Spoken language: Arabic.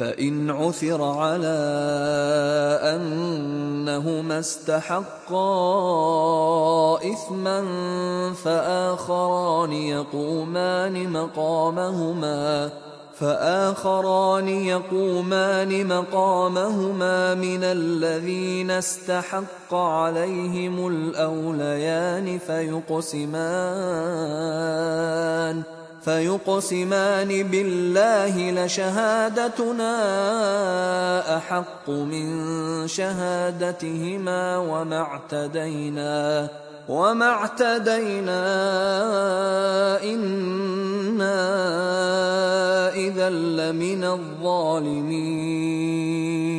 فإن عثر على أنهما استحقا إثما فآخران يقومان مقامهما فآخران يقومان مقامهما من الذين استحق عليهم الأوليان فيقسمان فيقسمان بالله لشهادتنا احق من شهادتهما وما اعتدينا وما اعتدينا انا اذا لمن الظالمين